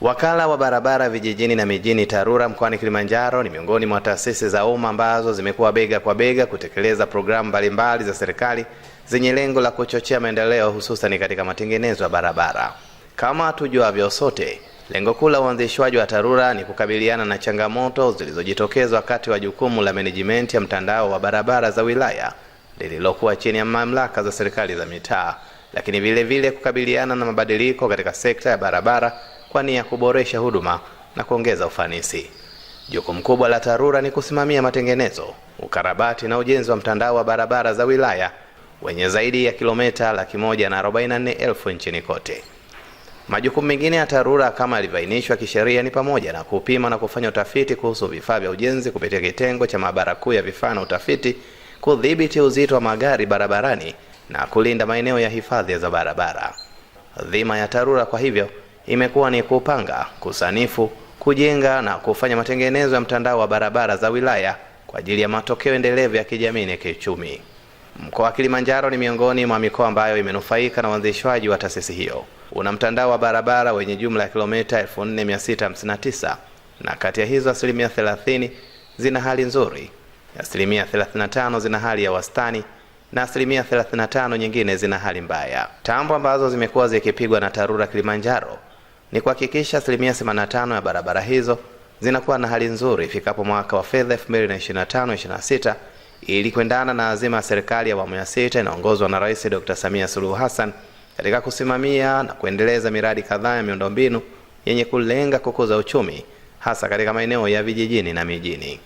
Wakala wa barabara vijijini na mijini TARURA mkoani Kilimanjaro ni miongoni mwa taasisi za umma ambazo zimekuwa bega kwa bega kutekeleza programu mbalimbali za serikali zenye lengo la kuchochea maendeleo hususan katika matengenezo ya barabara. Kama tujuavyo sote, lengo kuu la uanzishwaji wa TARURA ni kukabiliana na changamoto zilizojitokeza wakati wa jukumu la menejimenti ya mtandao wa barabara za wilaya lililokuwa chini ya mamlaka za serikali za mitaa, lakini vilevile vile kukabiliana na mabadiliko katika sekta ya barabara kwa nia ya kuboresha huduma na kuongeza ufanisi. Jukumu kubwa la TARURA ni kusimamia matengenezo, ukarabati na ujenzi wa mtandao wa barabara za wilaya wenye zaidi ya kilomita laki moja na arobaini na nne elfu nchini kote. Majukumu mengine ya TARURA kama yalivyoainishwa kisheria ni pamoja na kupima na kufanya utafiti kuhusu vifaa vya ujenzi kupitia kitengo cha maabara kuu ya vifaa na utafiti, kudhibiti uzito wa magari barabarani na kulinda maeneo ya hifadhi za barabara. Dhima ya TARURA kwa hivyo imekuwa ni kupanga, kusanifu, kujenga na kufanya matengenezo ya mtandao wa barabara za wilaya kwa ajili ya matokeo endelevu ya kijamii na kiuchumi. Mkoa wa Kilimanjaro ni miongoni mwa mikoa ambayo imenufaika na uanzishwaji wa taasisi hiyo. Una mtandao wa barabara wenye jumla ya kilomita 4659 na kati ya hizo asilimia 30 zina hali nzuri, asilimia 35 zina hali ya wastani na asilimia 35 nyingine zina hali mbaya. Tambo ambazo zimekuwa zikipigwa na TARURA Kilimanjaro ni kuhakikisha asilimia 85 ya barabara hizo zinakuwa na hali nzuri ifikapo mwaka wa fedha 2025/26 ili kuendana na azima ya serikali ya awamu ya sita inaongozwa na Rais Dr. Samia Suluhu Hassan katika kusimamia na kuendeleza miradi kadhaa ya miundombinu yenye kulenga kukuza uchumi hasa katika maeneo ya vijijini na mijini.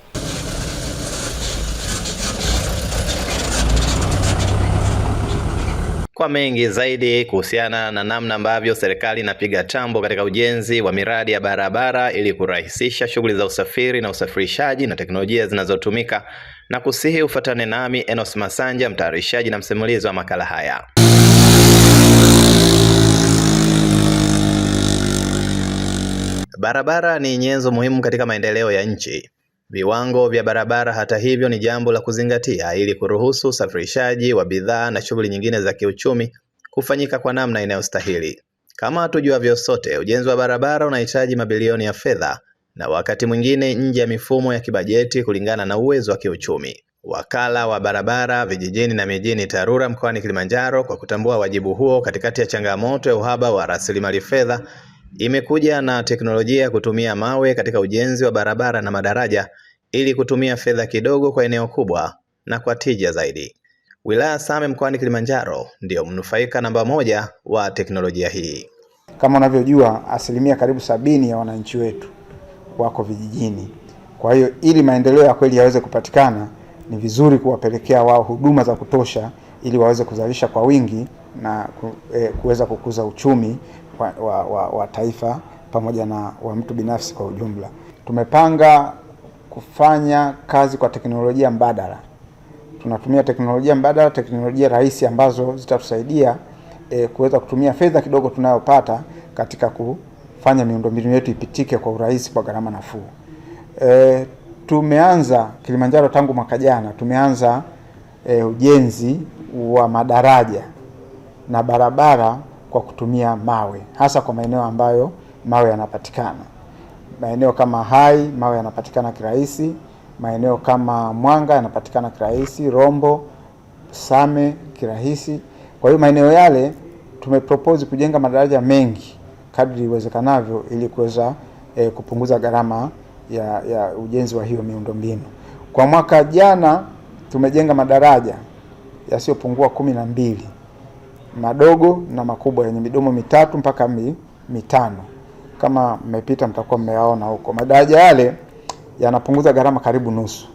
kwa mengi zaidi kuhusiana na namna ambavyo serikali inapiga tambo katika ujenzi wa miradi ya barabara ili kurahisisha shughuli za usafiri na usafirishaji na teknolojia zinazotumika, na kusihi ufuatane nami Enos Masanja, mtayarishaji na msimulizi wa makala haya. Barabara ni nyenzo muhimu katika maendeleo ya nchi. Viwango vya barabara, hata hivyo, ni jambo la kuzingatia ili kuruhusu usafirishaji wa bidhaa na shughuli nyingine za kiuchumi kufanyika kwa namna inayostahili. Kama tujuavyo sote, ujenzi wa barabara unahitaji mabilioni ya fedha na wakati mwingine nje ya mifumo ya kibajeti kulingana na uwezo wa kiuchumi. Wakala wa barabara vijijini na mijini TARURA mkoani Kilimanjaro, kwa kutambua wajibu huo katikati ya changamoto ya uhaba wa rasilimali fedha, imekuja na teknolojia ya kutumia mawe katika ujenzi wa barabara na madaraja ili kutumia fedha kidogo kwa eneo kubwa na kwa tija zaidi. Wilaya Same mkoani Kilimanjaro ndiyo mnufaika namba moja wa teknolojia hii. Kama unavyojua, asilimia karibu sabini ya wananchi wetu wako vijijini. Kwa hiyo ili maendeleo ya kweli yaweze kupatikana, ni vizuri kuwapelekea wao huduma za kutosha ili waweze kuzalisha kwa wingi na e, kuweza kukuza uchumi wa, wa, wa, wa taifa pamoja na wa mtu binafsi kwa ujumla. Tumepanga kufanya kazi kwa teknolojia mbadala. Tunatumia teknolojia mbadala, teknolojia rahisi ambazo zitatusaidia e, kuweza kutumia fedha kidogo tunayopata katika kufanya miundombinu yetu ipitike kwa urahisi kwa gharama nafuu. E, tumeanza Kilimanjaro tangu mwaka jana tumeanza e, ujenzi wa madaraja na barabara kwa kutumia mawe hasa kwa maeneo ambayo mawe yanapatikana maeneo kama Hai mawe yanapatikana kirahisi, maeneo kama Mwanga yanapatikana kirahisi, Rombo, Same kirahisi. Kwa hiyo maeneo yale tumepropose kujenga madaraja mengi kadri iwezekanavyo ili kuweza e, kupunguza gharama ya, ya ujenzi wa hiyo miundombinu. Kwa mwaka jana tumejenga madaraja yasiyopungua kumi na mbili madogo na makubwa yenye midomo mitatu mpaka mi, mitano kama mmepita mtakuwa mmeyaona huko. Madaraja yale yanapunguza gharama karibu nusu.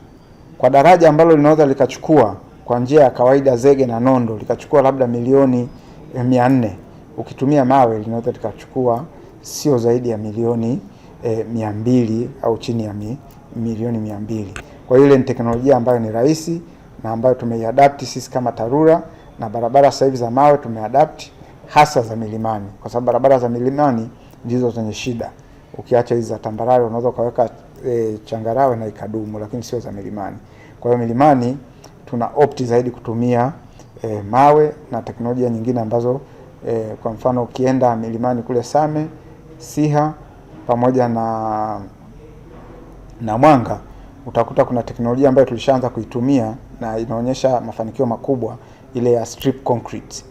Kwa daraja ambalo linaweza likachukua kwa njia ya kawaida zege na nondo likachukua labda milioni eh, mia nne, ukitumia mawe linaweza likachukua sio zaidi ya milioni eh, mia mbili au chini ya mi, milioni mia mbili. Kwa hiyo ile ni teknolojia ambayo ni rahisi na ambayo tumeiadapti sisi kama TARURA na barabara sasa hivi za mawe tumeadapti hasa za milimani, kwa sababu barabara za milimani ndizo zenye shida. Ukiacha hizi za tambarare unaweza ukaweka e, changarawe na ikadumu, lakini sio za milimani. Kwa hiyo milimani tuna opti zaidi kutumia e, mawe na teknolojia nyingine ambazo e, kwa mfano ukienda milimani kule Same, Siha pamoja na na Mwanga utakuta kuna teknolojia ambayo tulishaanza kuitumia na inaonyesha mafanikio makubwa, ile ya strip concrete.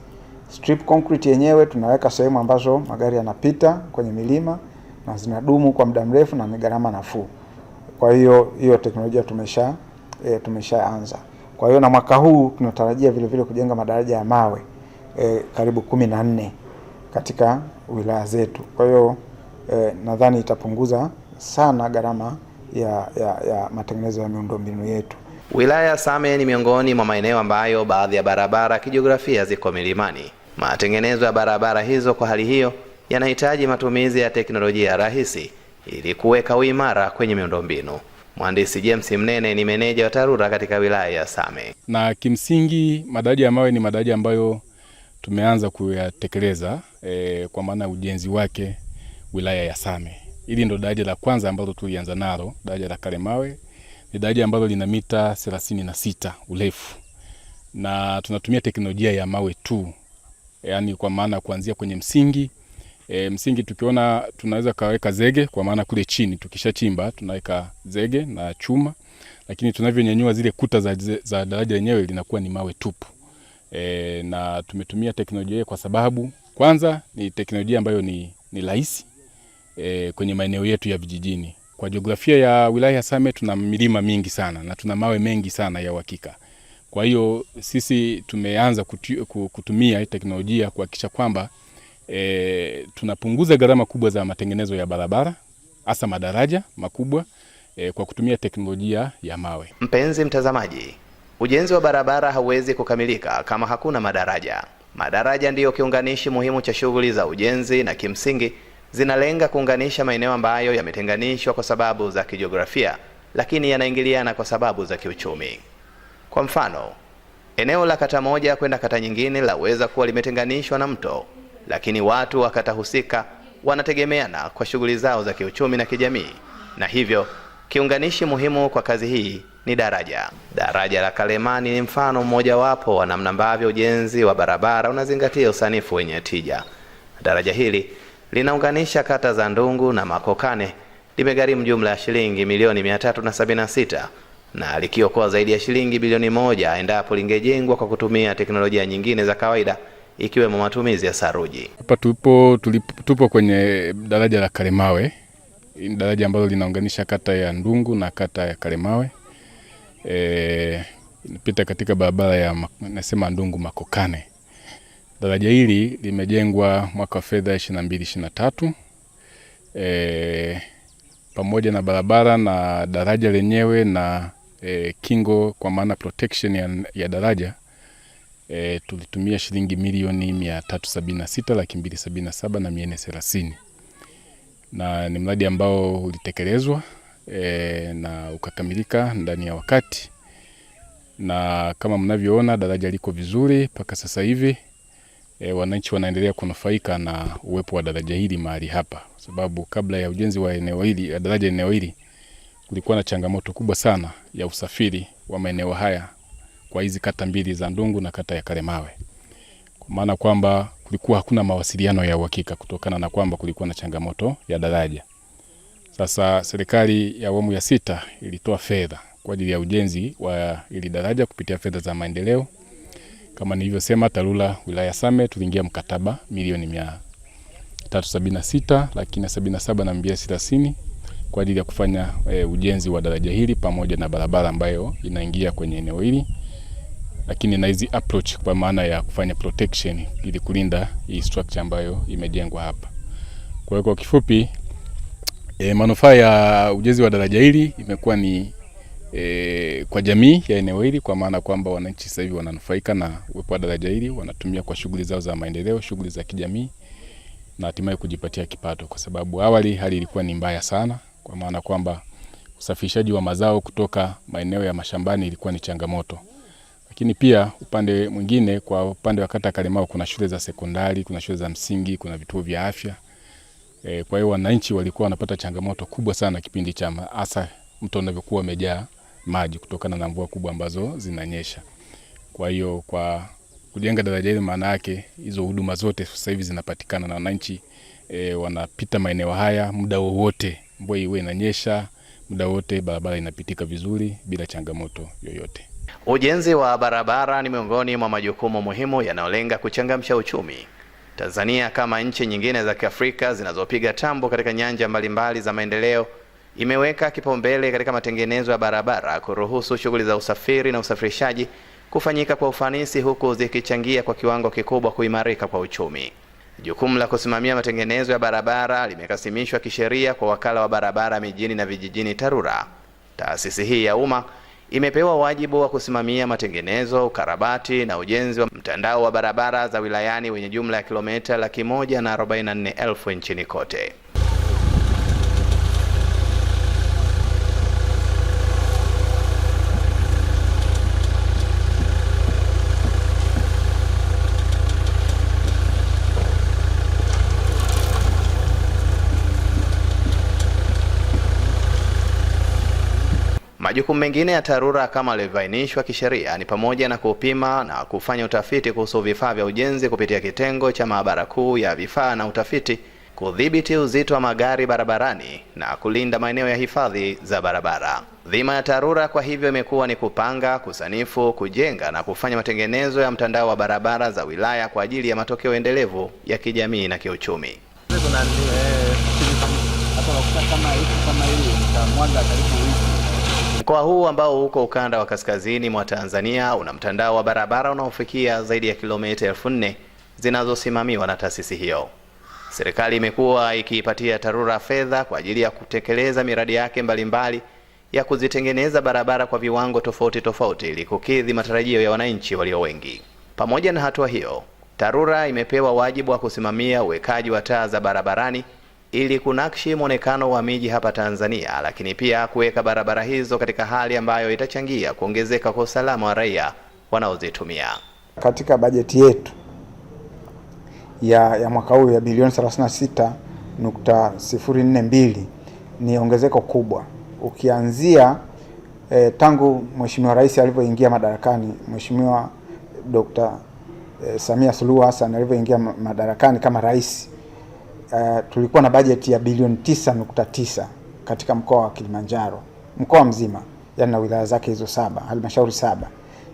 Strip concrete yenyewe tunaweka sehemu ambazo magari yanapita kwenye milima na zinadumu kwa muda mrefu na ni gharama nafuu. Kwa hiyo hiyo teknolojia tumesha e, tumeshaanza. Kwa hiyo na mwaka huu tunatarajia vile vile kujenga madaraja ya mawe e, karibu kumi na nne katika wilaya zetu. Kwa hiyo e, nadhani itapunguza sana gharama ya, ya, ya matengenezo ya miundombinu yetu. Wilaya ya Same ni miongoni mwa maeneo ambayo baadhi ya barabara kijiografia ziko milimani. Matengenezo ya barabara hizo kwa hali hiyo yanahitaji matumizi ya teknolojia rahisi ili kuweka uimara kwenye miundombinu. Mhandisi James Mnene ni meneja wa TARURA katika wilaya ya Same. Na kimsingi madaraja ya mawe ni madaraja ambayo tumeanza kuyatekeleza e, kwa maana ujenzi wake wilaya ya Same. Hili ndo daraja la kwanza ambalo tulianza nalo, daraja la Karemawe. Ni daraja ambalo lina mita thelathini na sita urefu na tunatumia teknolojia ya mawe tu yani kwa maana kuanzia kwenye msingi e, msingi tukiona tunaweza kaweka zege, kwa maana kule chini tukishachimba tunaweka zege na chuma, lakini tunavyonyanyua zile kuta za, za daraja lenyewe linakuwa ni mawe tupu e, na tumetumia teknolojia kwa sababu kwanza ni teknolojia ambayo ni, ni rahisi e, kwenye maeneo yetu ya vijijini. Kwa jiografia ya wilaya ya Same tuna milima mingi sana na tuna mawe mengi sana ya uhakika. Kwa hiyo sisi tumeanza kutumia teknolojia kuhakikisha kwamba e, tunapunguza gharama kubwa za matengenezo ya barabara hasa madaraja makubwa e, kwa kutumia teknolojia ya mawe. Mpenzi mtazamaji, ujenzi wa barabara hauwezi kukamilika kama hakuna madaraja. Madaraja ndiyo kiunganishi muhimu cha shughuli za ujenzi na kimsingi zinalenga kuunganisha maeneo ambayo yametenganishwa kwa sababu za kijiografia, lakini yanaingiliana kwa sababu za kiuchumi. Kwa mfano, eneo la kata moja kwenda kata nyingine laweza kuwa limetenganishwa na mto, lakini watu wa kata husika wanategemeana kwa shughuli zao za kiuchumi na kijamii, na hivyo kiunganishi muhimu kwa kazi hii ni daraja. Daraja la Kalemani ni mfano mmojawapo wa namna ambavyo ujenzi wa barabara unazingatia usanifu wenye tija. Daraja hili linaunganisha kata za Ndungu na Makokane, limegharimu jumla ya shilingi milioni 376 na likiokoa zaidi ya shilingi bilioni moja endapo lingejengwa kwa kutumia teknolojia nyingine za kawaida ikiwemo matumizi ya saruji. Hapa tupo, tupo kwenye daraja la Kalemawe, daraja ambalo linaunganisha kata ya Ndungu na kata ya Kalemawe. E, inapita katika barabara ya nasema Ndungu Makokane. Daraja hili limejengwa mwaka wa fedha 22 23. E, pamoja na barabara na daraja lenyewe na e, kingo kwa maana protection ya, ya daraja e, tulitumia shilingi milioni mia tatu sabini na sita laki mbili sabini na saba na mia nne thelathini na ni mradi ambao ulitekelezwa e, na ukakamilika ndani ya wakati, na kama mnavyoona daraja liko vizuri mpaka sasa hivi. E, wananchi wanaendelea kunufaika na uwepo wa daraja hili mahali hapa, kwa sababu kabla ya ujenzi wa eneo hili daraja eneo hili kulikuwa na changamoto kubwa sana ya usafiri wa maeneo haya kwa hizi kata mbili za Ndungu na kata ya Kalemawe, kwa maana kwamba kulikuwa hakuna mawasiliano ya uhakika kutokana na kwamba kulikuwa na changamoto ya daraja. Sasa serikali ya awamu ya sita ilitoa fedha kwa ajili ya ujenzi wa ili daraja kupitia fedha za maendeleo. Kama nilivyosema, TARURA wilaya Same tuliingia mkataba milioni mia tatu sabini na sita laki sabini na saba na mia kwa ajili ya kufanya e, ujenzi wa daraja hili pamoja na barabara ambayo inaingia kwenye eneo hili, lakini na hizi approach kwa maana ya kufanya protection ili kulinda hii structure ambayo imejengwa hapa. Kwa hiyo kwa kifupi e, manufaa ya ujenzi wa daraja hili imekuwa ni E, kwa jamii ya eneo hili kwa maana kwamba wananchi sasa hivi wananufaika na uwepo wa daraja hili, wanatumia kwa shughuli zao za maendeleo, shughuli za kijamii na hatimaye kujipatia kipato, kwa sababu awali hali ilikuwa ni mbaya sana kwa maana kwamba usafirishaji wa mazao kutoka maeneo ya mashambani ilikuwa ni changamoto. Lakini pia upande mwingine, kwa upande wa kata Kalemao kuna shule za sekondari, kuna shule za msingi, kuna vituo vya afya e, kwa hiyo wananchi walikuwa wanapata changamoto kubwa sana kipindi cha hasa mto unavyokuwa umejaa maji kutokana na mvua kubwa ambazo zinanyesha. Kwa hiyo kwa kujenga daraja hili, maana yake hizo huduma zote sasa hivi zinapatikana na wananchi e, wanapita maeneo haya muda wowote mvua iwe inanyesha muda wote, barabara inapitika vizuri bila changamoto yoyote. Ujenzi wa barabara ni miongoni mwa majukumu muhimu yanayolenga kuchangamsha uchumi. Tanzania kama nchi nyingine za Kiafrika zinazopiga tambo katika nyanja mbalimbali za maendeleo imeweka kipaumbele katika matengenezo ya barabara kuruhusu shughuli za usafiri na usafirishaji kufanyika kwa ufanisi huku zikichangia kwa kiwango kikubwa kuimarika kwa uchumi. Jukumu la kusimamia matengenezo ya barabara limekasimishwa kisheria kwa wakala wa barabara mijini na vijijini TARURA. Taasisi hii ya umma imepewa wajibu wa kusimamia matengenezo, ukarabati na ujenzi wa mtandao wa barabara za wilayani wenye jumla ya kilomita laki moja na arobaini na nne elfu nchini kote. Majukumu mengine ya TARURA kama yalivyoainishwa kisheria ni pamoja na kupima na kufanya utafiti kuhusu vifaa vya ujenzi kupitia kitengo cha maabara kuu ya vifaa na utafiti, kudhibiti uzito wa magari barabarani na kulinda maeneo ya hifadhi za barabara. Dhima ya TARURA kwa hivyo imekuwa ni kupanga, kusanifu, kujenga na kufanya matengenezo ya mtandao wa barabara za wilaya kwa ajili ya matokeo endelevu ya kijamii na kiuchumi. Mkoa huu ambao uko ukanda wa kaskazini mwa Tanzania una mtandao wa barabara unaofikia zaidi ya kilomita elfu nne zinazosimamiwa na taasisi hiyo. Serikali imekuwa ikiipatia TARURA fedha kwa ajili ya kutekeleza miradi yake mbalimbali ya kuzitengeneza barabara kwa viwango tofauti tofauti ili kukidhi matarajio ya wananchi walio wengi. Pamoja na hatua hiyo, TARURA imepewa wajibu wa kusimamia uwekaji wa taa za barabarani ili kunakshi mwonekano wa miji hapa Tanzania, lakini pia kuweka barabara hizo katika hali ambayo itachangia kuongezeka kwa usalama wa raia wanaozitumia. Katika bajeti yetu ya, ya mwaka huu ya bilioni 36.042 ni ongezeko kubwa ukianzia eh, tangu Mheshimiwa Rais alivyoingia madarakani Mheshimiwa Dr. eh, Samia Suluhu Hassan alivyoingia madarakani kama rais uh, tulikuwa na bajeti ya bilioni tisa katika mkoa wa Kilimanjaro, mkoa mzima yani na wilaya zake hizo saba, halmashauri saba,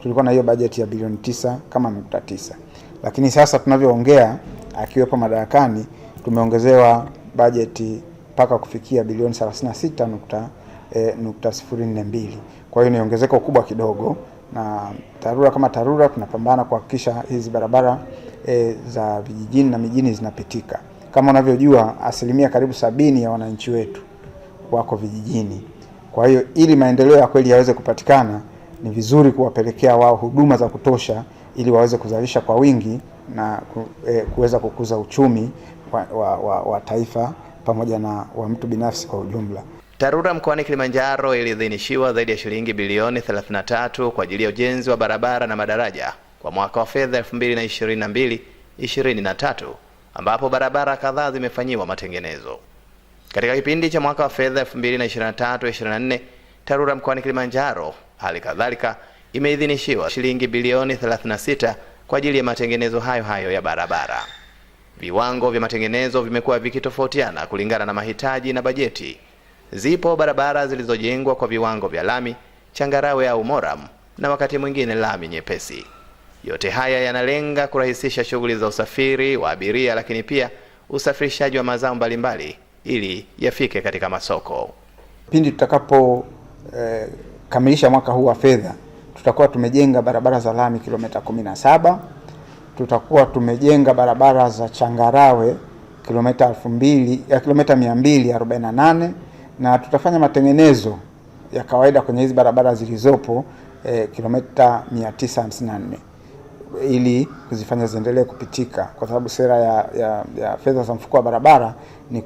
tulikuwa na hiyo bajeti ya bilioni tisa kama nukta tisa. lakini sasa tunavyoongea akiwepo madarakani tumeongezewa bajeti mpaka kufikia bilioni 36 nukta E, nukta sifuri nne mbili. Kwa hiyo ni ongezeko kubwa kidogo, na TARURA kama TARURA tunapambana kuhakikisha hizi barabara e, za vijijini na mijini zinapitika. Kama unavyojua asilimia karibu sabini ya wananchi wetu wako vijijini. Kwa hiyo ili maendeleo ya kweli yaweze kupatikana, ni vizuri kuwapelekea wao huduma za kutosha ili waweze kuzalisha kwa wingi na eh, kuweza kukuza uchumi wa, wa, wa, wa taifa pamoja na wa mtu binafsi kwa ujumla. TARURA mkoani Kilimanjaro ilidhinishiwa zaidi ya shilingi bilioni 33 kwa ajili ya ujenzi wa barabara na madaraja kwa mwaka wa fedha 2022 23 ambapo barabara kadhaa zimefanyiwa matengenezo. Katika kipindi cha mwaka wa fedha 2023-2024 TARURA mkoani Kilimanjaro hali kadhalika imeidhinishiwa shilingi bilioni 36 kwa ajili ya matengenezo hayo hayo ya barabara. Viwango vya matengenezo vimekuwa vikitofautiana kulingana na mahitaji na bajeti. Zipo barabara zilizojengwa kwa viwango vya lami changarawe au moram na wakati mwingine lami nyepesi. Yote haya yanalenga kurahisisha shughuli za usafiri wa abiria, lakini pia usafirishaji wa mazao mbalimbali ili yafike katika masoko. Pindi tutakapokamilisha eh, mwaka huu wa fedha, tutakuwa tumejenga barabara za lami kilomita 17, tutakuwa tumejenga barabara za changarawe kilomita 2000 ya eh, kilomita 248 na tutafanya matengenezo ya kawaida kwenye hizi barabara zilizopo eh, kilomita 954 ili kuzifanya ziendelee kupitika, kwa sababu sera ya, ya, ya fedha za mfuko wa barabara ni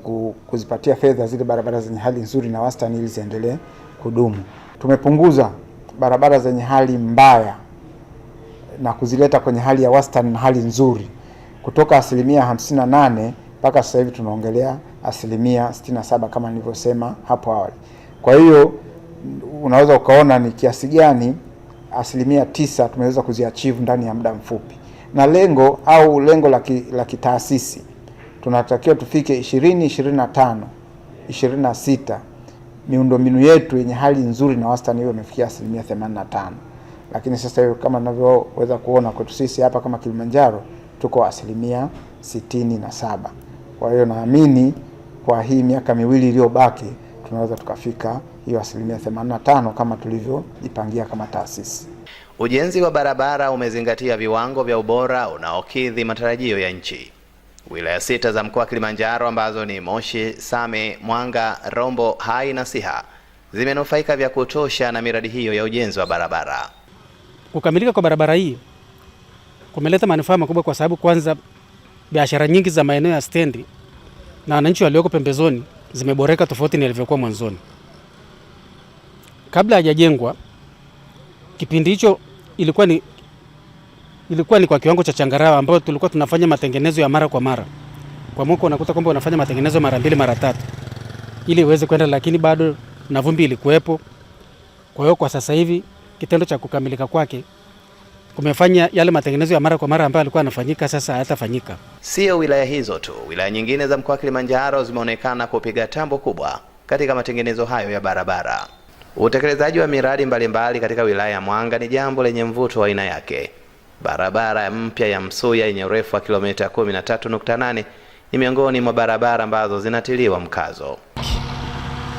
kuzipatia fedha zile barabara zenye hali nzuri na wastani ili ziendelee kudumu. Tumepunguza barabara zenye hali mbaya na kuzileta kwenye hali ya wastani na hali nzuri kutoka asilimia 58 nane mpaka sasa hivi tunaongelea asilimia 67 saba kama nilivyosema hapo awali. Kwa hiyo unaweza ukaona ni kiasi gani asilimia tisa tumeweza kuziachivu ndani ya muda mfupi, na lengo au lengo la kitaasisi tunatakiwa tufike ishirini ishirini na tano ishirini na sita miundombinu yetu yenye hali nzuri na wastani hiyo imefikia asilimia themanini na tano lakini sasa hiyo kama tunavyoweza kuona kwetu sisi hapa kama Kilimanjaro tuko asilimia sitini na saba. Kwa hiyo naamini kwa hii miaka miwili iliyobaki tunaweza tukafika hiyo asilimia 85 kama tulivyojipangia kama taasisi. Ujenzi wa barabara umezingatia viwango vya ubora unaokidhi matarajio ya nchi. Wilaya sita za mkoa wa Kilimanjaro ambazo ni Moshi, Same, Mwanga, Rombo, Hai na Siha zimenufaika vya kutosha na miradi hiyo ya ujenzi wa barabara. Kukamilika kwa barabara hii kumeleta manufaa makubwa kwa sababu kwanza, biashara nyingi za maeneo ya stendi na wananchi walioko pembezoni zimeboreka tofauti na ilivyokuwa mwanzoni kabla hajajengwa kipindi hicho ilikuwa ni, ilikuwa ni kwa kiwango cha changarawa ambayo tulikuwa tunafanya matengenezo ya mara kwa mara kwa mwaka, unakuta kwamba unafanya matengenezo mara mbili mara tatu ili iweze kwenda, lakini bado na vumbi ilikuwepo. Kwa hiyo kwa sasa hivi kitendo cha kukamilika kwake kumefanya yale matengenezo ya mara kwa mara ambayo alikuwa anafanyika sasa hayatafanyika. Sio wilaya hizo tu, wilaya nyingine za mkoa wa Kilimanjaro zimeonekana kupiga tambo kubwa katika matengenezo hayo ya barabara. Utekelezaji wa miradi mbalimbali mbali katika wilaya ya Mwanga ni jambo lenye mvuto wa aina yake. Barabara mpya ya Msuya yenye urefu wa kilomita 13.8 ni miongoni mwa barabara ambazo zinatiliwa mkazo.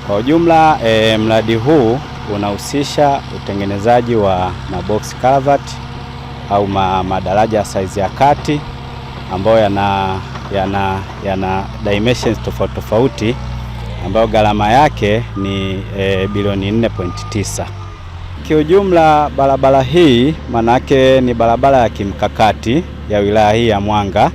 Kwa ujumla, e, mradi huu unahusisha utengenezaji wa mabox culvert au ma, madaraja ya saizi ya kati ambayo yana yana yana dimensions tofauti tofauti ambayo gharama yake ni e, bilioni 4.9. Kiujumla barabara hii manake ni barabara ya kimkakati ya wilaya hii ya Mwanga,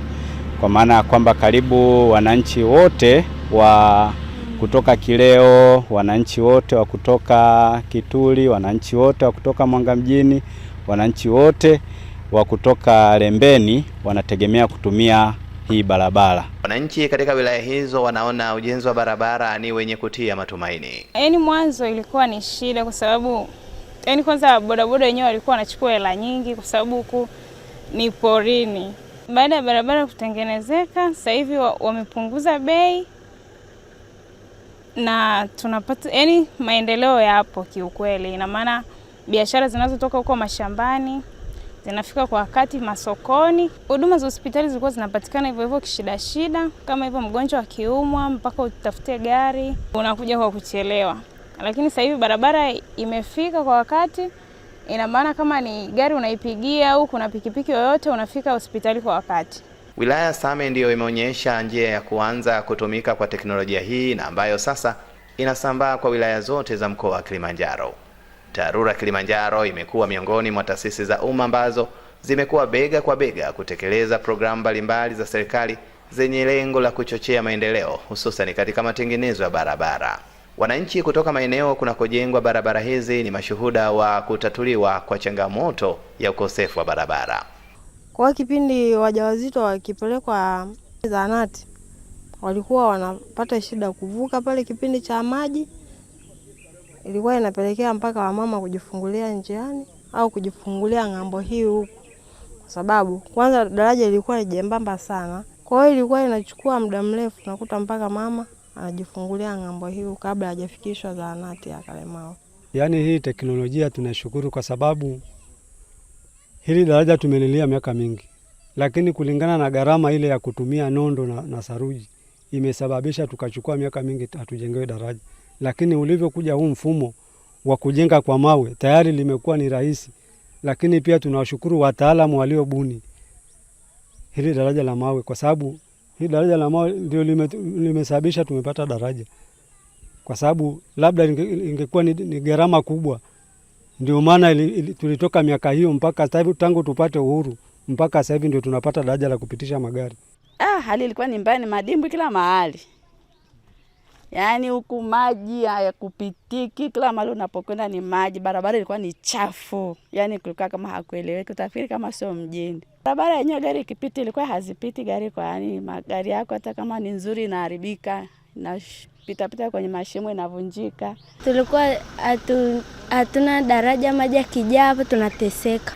kwa maana ya kwamba karibu wananchi wote wa kutoka Kileo, wananchi wote wa kutoka Kituli, wananchi wote wa kutoka Mwanga mjini, wananchi wote wa kutoka Lembeni wanategemea kutumia hii barabara. Wananchi katika wilaya hizo wanaona ujenzi wa barabara ni wenye kutia matumaini. Yaani mwanzo ilikuwa ni shida kwa sababu yaani kwanza bodaboda wenyewe walikuwa wanachukua hela nyingi kwa sababu huku ni porini. Baada ya barabara kutengenezeka, sasa hivi wamepunguza bei na tunapata yaani maendeleo yapo kiukweli. Ina maana biashara zinazotoka huko mashambani zinafika kwa wakati masokoni. Huduma za hospitali zilikuwa zinapatikana hivyo hivyo kishida shida, kama hivyo mgonjwa akiumwa mpaka utafute gari, unakuja kwa kuchelewa. Lakini sasa hivi barabara imefika kwa wakati, ina maana kama ni gari unaipigia au kuna pikipiki yoyote, unafika hospitali kwa wakati. Wilaya Same ndiyo imeonyesha njia ya kuanza kutumika kwa teknolojia hii na ambayo sasa inasambaa kwa wilaya zote za mkoa wa Kilimanjaro. TARURA Kilimanjaro imekuwa miongoni mwa taasisi za umma ambazo zimekuwa bega kwa bega kutekeleza programu mbalimbali za serikali zenye lengo la kuchochea maendeleo hususan katika matengenezo ya barabara. Wananchi kutoka maeneo kunakojengwa barabara hizi ni mashuhuda wa kutatuliwa kwa changamoto ya ukosefu wa barabara. Kwa kipindi wajawazito wakipelekwa zahanati walikuwa wanapata shida kuvuka pale kipindi cha maji ilikuwa inapelekea mpaka wamama kujifungulia njiani au kujifungulia ng'ambo hii huku, kwa sababu kwanza daraja ilikuwa jembamba sana, kwa hiyo ilikuwa inachukua muda mrefu, nakuta mpaka mama anajifungulia ng'ambo hii kabla hajafikishwa zahanati ya Kalemao. Yaani hii teknolojia tunashukuru kwa sababu hili daraja tumelilia miaka mingi, lakini kulingana na gharama ile ya kutumia nondo na, na saruji imesababisha tukachukua miaka mingi hatujengewe daraja lakini ulivyokuja huu mfumo wa kujenga kwa mawe tayari limekuwa ni rahisi, lakini pia tunawashukuru wataalamu waliobuni hili daraja la mawe, kwa sababu hili daraja la mawe ndio limesababisha lime tumepata daraja, kwa sababu labda ingekuwa ni, ni gharama kubwa. Ndio maana tulitoka miaka hiyo mpaka sasa tangu tupate uhuru mpaka sasa hivi ndio tunapata daraja la kupitisha magari. Ah, hali ilikuwa ni mbaya, ni madimbwi kila mahali yaani huku maji hayakupitiki, kila mahali unapokwenda ni maji. Barabara ilikuwa ni chafu, yaani kulikuwa kama hakueleweki, utafikiri kama sio mjini. Barabara yenyewe gari ikipita ilikuwa hazipiti gari kwa, yaani magari yako hata kama ni nzuri inaharibika, inapitapita kwenye mashimo inavunjika. Tulikuwa hatu, hatuna daraja, maji yakijaa hapo tunateseka.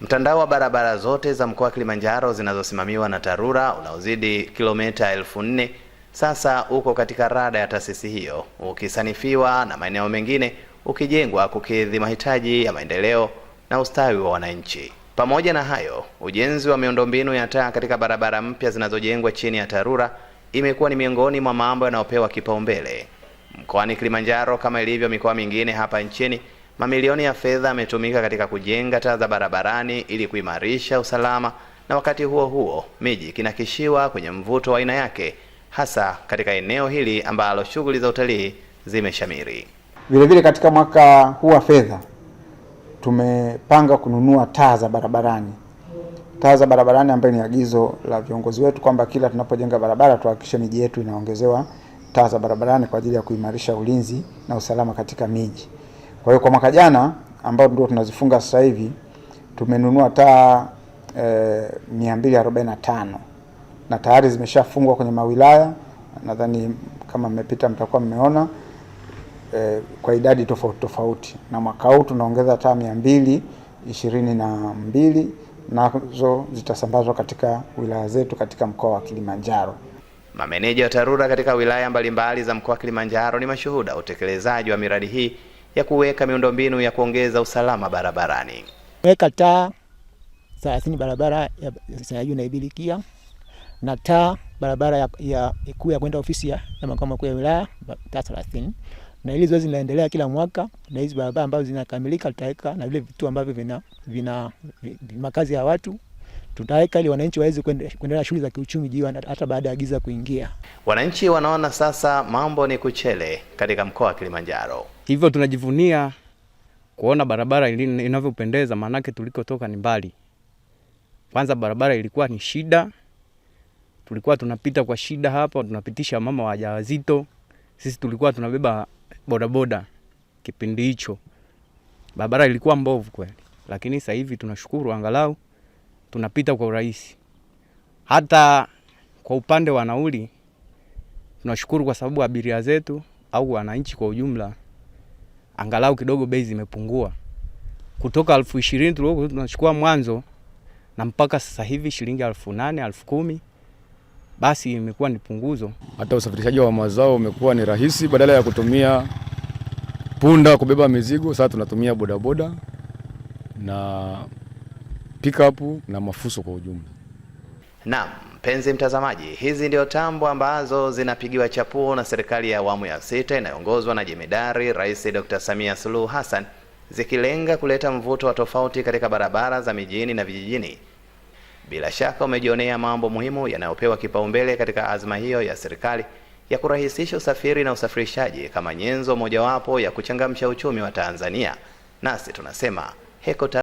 Mtandao wa barabara zote za mkoa wa Kilimanjaro zinazosimamiwa na TARURA unaozidi kilomita elfu nne sasa uko katika rada ya taasisi hiyo, ukisanifiwa na maeneo mengine, ukijengwa kukidhi mahitaji ya maendeleo na ustawi wa wananchi. Pamoja na hayo, ujenzi wa miundombinu ya taa katika barabara mpya zinazojengwa chini ya TARURA imekuwa ni miongoni mwa mambo yanayopewa kipaumbele. Mkoani Kilimanjaro, kama ilivyo mikoa mingine hapa nchini, mamilioni ya fedha yametumika katika kujenga taa za barabarani ili kuimarisha usalama, na wakati huo huo miji kinakishiwa kwenye mvuto wa aina yake hasa katika eneo hili ambalo shughuli za utalii zimeshamiri. Vilevile katika mwaka huu wa fedha tumepanga kununua taa za barabarani. Taa za barabarani ambayo ni agizo la viongozi wetu kwamba kila tunapojenga barabara tuhakikishe miji yetu inaongezewa taa za barabarani kwa ajili ya kuimarisha ulinzi na usalama katika miji. Kwa hiyo kwa mwaka jana ambao ndio tunazifunga sasa hivi tumenunua taa e, eh, 245 na tayari zimeshafungwa kwenye mawilaya, nadhani kama mmepita mtakuwa mmeona e, kwa idadi tofauti tofauti, na mwaka huu tunaongeza taa mia mbili ishirini na mbili nazo zitasambazwa katika wilaya zetu katika mkoa wa Kilimanjaro. Mameneja wa TARURA katika wilaya mbalimbali za mkoa wa Kilimanjaro ni mashuhuda utekelezaji wa miradi hii ya kuweka miundombinu ya kuongeza usalama barabarani. Weka taa 30 barabara ya Sayaju na Ibilikia na taa barabara ya, ya kuu ya kwenda ofisi ya makao makuu ya wilaya taa thelathini na hili zoezi linaendelea kila mwaka, na hizi barabara ambazo zinakamilika tutaweka na vile vituo ambavyo vina, vina, vina makazi ya watu tutaweka ili wananchi waweze kuendelea shughuli za kiuchumi jiwa hata baada ya giza kuingia. Wananchi wanaona sasa mambo ni kuchele katika mkoa wa Kilimanjaro, hivyo tunajivunia kuona barabara inavyopendeza, maanake tulikotoka ni mbali. Kwanza barabara ilikuwa ni shida tulikuwa tunapita kwa shida hapa, tunapitisha mama wajawazito. Sisi tulikuwa tunabeba bodaboda kipindi hicho, barabara ilikuwa mbovu kweli, lakini sasa hivi tunashukuru angalau tunapita kwa urahisi. Hata kwa upande wa nauli tunashukuru, kwa sababu abiria zetu au wananchi kwa ujumla, angalau kidogo bei zimepungua kutoka elfu ishirini tulikuwa tunachukua mwanzo na mpaka sasa hivi shilingi elfu nane elfu kumi basi imekuwa ni punguzo. Hata usafirishaji wa mazao umekuwa ni rahisi, badala ya kutumia punda kubeba mizigo, sasa tunatumia bodaboda na pickup na mafuso kwa ujumla. Naam, mpenzi mtazamaji, hizi ndio tambo ambazo zinapigiwa chapuo na serikali ya awamu ya sita inayoongozwa na jemedari Rais Dr. Samia Suluhu Hassan zikilenga kuleta mvuto wa tofauti katika barabara za mijini na vijijini. Bila shaka umejionea mambo muhimu yanayopewa kipaumbele katika azma hiyo ya serikali ya kurahisisha usafiri na usafirishaji kama nyenzo mojawapo ya kuchangamsha uchumi wa Tanzania. Nasi tunasema heko.